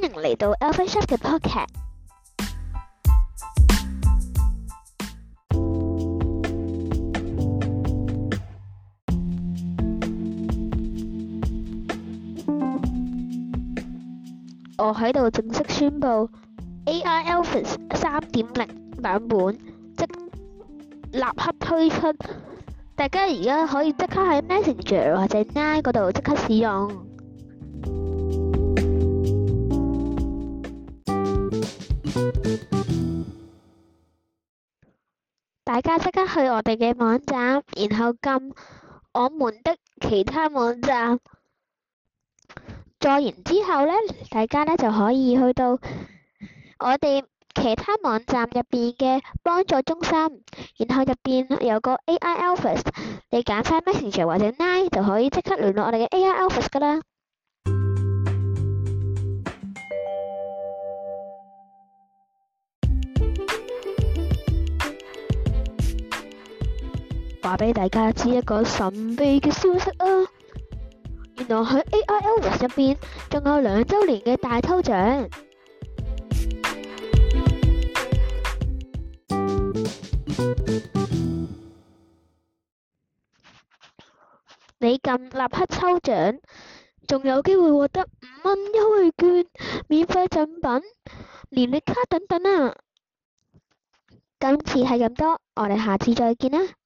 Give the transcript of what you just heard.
歡迎嚟到 Alvis shop 嘅 Podcast。我喺度正式宣布，AI Alvis 三點零版本即立刻推出，大家而家可以即刻喺 Messenger 或者 I 嗰度即刻使用。大家即刻去我哋嘅網站，然後撳我們的其他網站。做完之後呢，大家呢就可以去到我哋其他網站入邊嘅幫助中心，然後入邊有個 AI Alvis 你揀翻 Messenger 或者 Line 就可以即刻聯絡我哋嘅 AI Alvis 噶啦。話俾大家知一個神秘嘅消息啊！原來喺 AI Alvis 入邊仲有兩周年嘅大抽獎，你撳立刻抽獎，仲有機會獲得五蚊優惠券、免費贈品、年歷卡等等啊！今次係咁多，我哋下次再見啦～